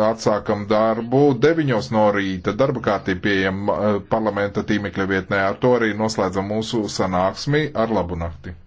atsākam darbu 9 no rīta. Darba kārtība pieejama eh, parlamenta tīmekļa vietnē. Ar to arī noslēdzam mūsu sanāksmi. Ar labu nakti!